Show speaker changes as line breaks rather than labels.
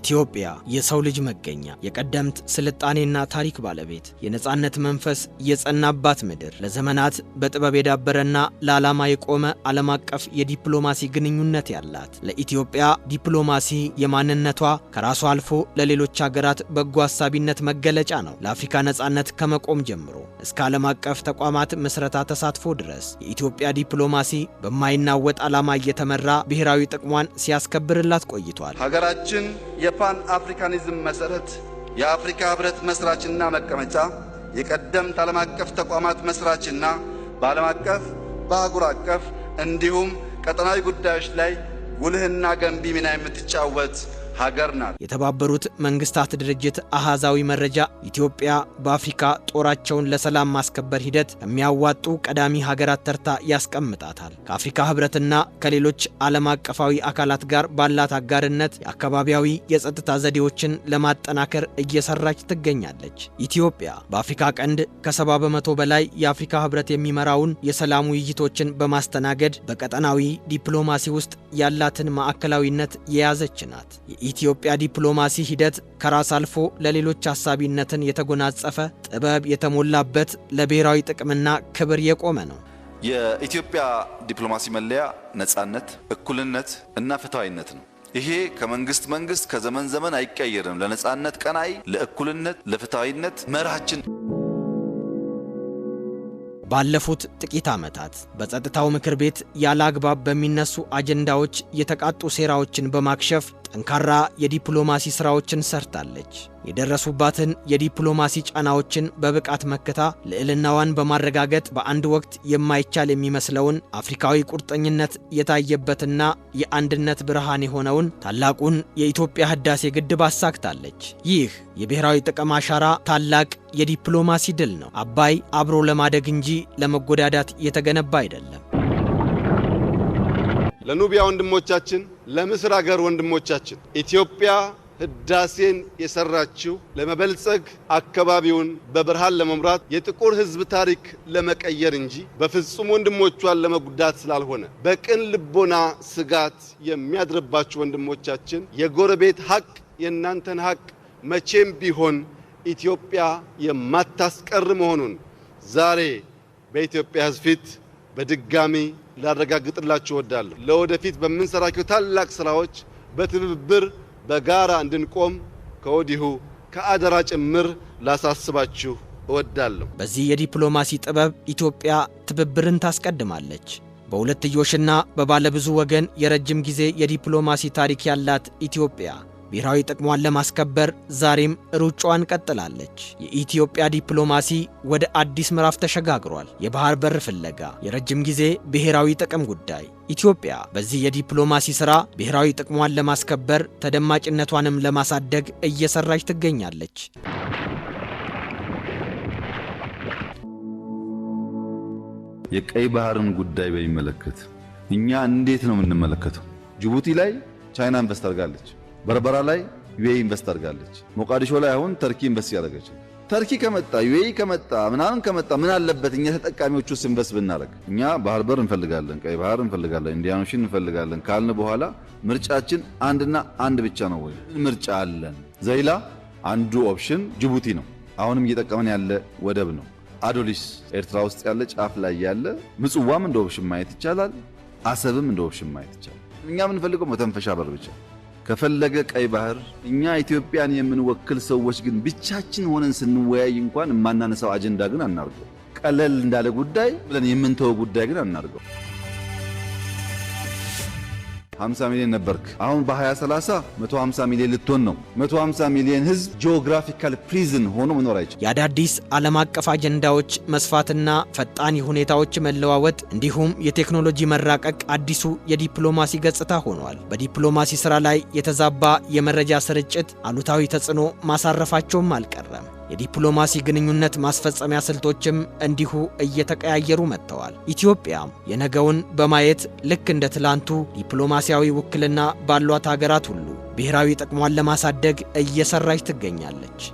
ኢትዮጵያ የሰው ልጅ መገኛ፣ የቀደምት ስልጣኔና ታሪክ ባለቤት፣ የነፃነት መንፈስ የጸናባት ምድር፣ ለዘመናት በጥበብ የዳበረና ለዓላማ የቆመ ዓለም አቀፍ የዲፕሎማሲ ግንኙነት ያላት፣ ለኢትዮጵያ ዲፕሎማሲ የማንነቷ ከራሷ አልፎ ለሌሎች ሀገራት በጎ አሳቢነት መገለጫ ነው። ለአፍሪካ ነፃነት ከመቆም ጀምሮ እስከ ዓለም አቀፍ ተቋማት ምስረታ ተሳትፎ ድረስ የኢትዮጵያ ዲፕሎማሲ በማይናወጥ ዓላማ እየተመራ ብሔራዊ ጥቅሟን ሲያስከብርላት ቆይቷል።
ሀገራችን የፓን አፍሪካኒዝም መሰረት የአፍሪካ ህብረት መስራችና መቀመጫ የቀደምት ዓለም አቀፍ ተቋማት መስራችና በዓለም አቀፍ በአህጉር አቀፍ እንዲሁም ቀጠናዊ ጉዳዮች ላይ ጉልህና ገንቢ ሚና የምትጫወት ሀገር ናት።
የተባበሩት መንግስታት ድርጅት አሃዛዊ መረጃ ኢትዮጵያ በአፍሪካ ጦራቸውን ለሰላም ማስከበር ሂደት የሚያዋጡ ቀዳሚ ሀገራት ተርታ ያስቀምጣታል። ከአፍሪካ ህብረትና ከሌሎች ዓለም አቀፋዊ አካላት ጋር ባላት አጋርነት የአካባቢያዊ የጸጥታ ዘዴዎችን ለማጠናከር እየሰራች ትገኛለች። ኢትዮጵያ በአፍሪካ ቀንድ ከሰባ በመቶ በላይ የአፍሪካ ህብረት የሚመራውን የሰላም ውይይቶችን በማስተናገድ በቀጠናዊ ዲፕሎማሲ ውስጥ ያላትን ማዕከላዊነት የያዘች ናት። የኢትዮጵያ ዲፕሎማሲ ሂደት ከራስ አልፎ ለሌሎች አሳቢነትን የተጎናጸፈ ጥበብ የተሞላበት ለብሔራዊ ጥቅምና ክብር የቆመ ነው።
የኢትዮጵያ ዲፕሎማሲ መለያ ነጻነት፣ እኩልነት እና ፍትሐዊነት ነው። ይሄ ከመንግስት መንግስት ከዘመን ዘመን አይቀየርም። ለነጻነት ቀናይ፣ ለእኩልነት፣ ለፍትሐዊነት መርሃችን
ባለፉት ጥቂት ዓመታት በጸጥታው ምክር ቤት ያለ አግባብ በሚነሱ አጀንዳዎች የተቃጡ ሴራዎችን በማክሸፍ ጠንካራ የዲፕሎማሲ ሥራዎችን ሰርታለች። የደረሱባትን የዲፕሎማሲ ጫናዎችን በብቃት መክታ ልዕልናዋን በማረጋገጥ በአንድ ወቅት የማይቻል የሚመስለውን አፍሪካዊ ቁርጠኝነት የታየበትና የአንድነት ብርሃን የሆነውን ታላቁን የኢትዮጵያ ሕዳሴ ግድብ አሳክታለች። ይህ የብሔራዊ ጥቅም አሻራ ታላቅ የዲፕሎማሲ ድል ነው። አባይ አብሮ ለማደግ እንጂ ለመጎዳዳት የተገነባ አይደለም።
ለኑቢያ ወንድሞቻችን፣ ለምስር ሀገር ወንድሞቻችን ኢትዮጵያ ህዳሴን የሰራችው ለመበልጸግ አካባቢውን በብርሃን ለመምራት የጥቁር ህዝብ ታሪክ ለመቀየር እንጂ በፍጹም ወንድሞቿን ለመጉዳት ስላልሆነ በቅን ልቦና ስጋት የሚያድርባችሁ ወንድሞቻችን፣ የጎረቤት ሀቅ የእናንተን ሀቅ መቼም ቢሆን ኢትዮጵያ የማታስቀር መሆኑን ዛሬ በኢትዮጵያ ሕዝብ ፊት በድጋሚ ላረጋግጥላችሁ እወዳለሁ። ለወደፊት በምንሰራቸው ታላቅ ስራዎች በትብብር በጋራ እንድንቆም ከወዲሁ ከአደራ ጭምር ላሳስባችሁ እወዳለሁ።
በዚህ የዲፕሎማሲ ጥበብ ኢትዮጵያ ትብብርን ታስቀድማለች። በሁለትዮሽና በባለብዙ ወገን የረጅም ጊዜ የዲፕሎማሲ ታሪክ ያላት ኢትዮጵያ ብሔራዊ ጥቅሟን ለማስከበር ዛሬም ሩጫዋን ቀጥላለች። የኢትዮጵያ ዲፕሎማሲ ወደ አዲስ ምዕራፍ ተሸጋግሯል። የባህር በር ፍለጋ፣ የረጅም ጊዜ ብሔራዊ ጥቅም ጉዳይ ኢትዮጵያ በዚህ የዲፕሎማሲ ስራ ብሔራዊ ጥቅሟን ለማስከበር ተደማጭነቷንም ለማሳደግ እየሰራች ትገኛለች።
የቀይ ባህርን ጉዳይ በሚመለከት እኛ እንዴት ነው የምንመለከተው? ጅቡቲ ላይ ቻይና ኢንቨስት አድርጋለች። በርበራ ላይ ዩኤ ኢንቨስት አድርጋለች። ሞቃዲሾ ላይ አሁን ተርኪ ኢንቨስት እያደረገች ተርኪ ከመጣ ዩኤ ከመጣ ምናምን ከመጣ ምን አለበት እኛ ተጠቃሚዎቹ ውስጥ ኢንቨስት ብናደረግ። እኛ ባህር በር እንፈልጋለን፣ ቀይ ባህር እንፈልጋለን፣ ኢንዲያኖሽን እንፈልጋለን ካልን በኋላ ምርጫችን አንድና አንድ ብቻ ነው ወይ? ምርጫ አለን። ዘይላ አንዱ ኦፕሽን ጅቡቲ ነው። አሁንም እየጠቀመን ያለ ወደብ ነው። አዶሊስ ኤርትራ ውስጥ ያለ ጫፍ ላይ ያለ፣ ምጽዋም እንደ ኦፕሽን ማየት ይቻላል። አሰብም እንደ ኦፕሽን ማየት ይቻላል። እኛ የምንፈልገው መተንፈሻ በር ብቻ ከፈለገ ቀይ ባህር እኛ ኢትዮጵያን የምንወክል ሰዎች ግን ብቻችን ሆነን ስንወያይ እንኳን የማናነሳው አጀንዳ ግን አናርገው። ቀለል እንዳለ ጉዳይ ብለን የምንተወው ጉዳይ ግን አናርገው።
50 ሚሊዮን ነበርክ። አሁን በ2030 150 ሚሊዮን ልትሆን ነው። 150 ሚሊዮን ህዝብ ጂኦግራፊካል ፕሪዝን ሆኖ መኖር አይችል።
የአዳዲስ ዓለም አቀፍ አጀንዳዎች መስፋትና ፈጣን ሁኔታዎች መለዋወጥ እንዲሁም የቴክኖሎጂ መራቀቅ አዲሱ የዲፕሎማሲ ገጽታ ሆኗል። በዲፕሎማሲ ስራ ላይ የተዛባ የመረጃ ስርጭት አሉታዊ ተጽዕኖ ማሳረፋቸውም አልቀረ። የዲፕሎማሲ ግንኙነት ማስፈጸሚያ ስልቶችም እንዲሁ እየተቀያየሩ መጥተዋል። ኢትዮጵያም የነገውን በማየት ልክ እንደ ትላንቱ ዲፕሎማሲያዊ ውክልና ባሏት ሀገራት ሁሉ ብሔራዊ ጥቅሟን ለማሳደግ እየሰራች ትገኛለች።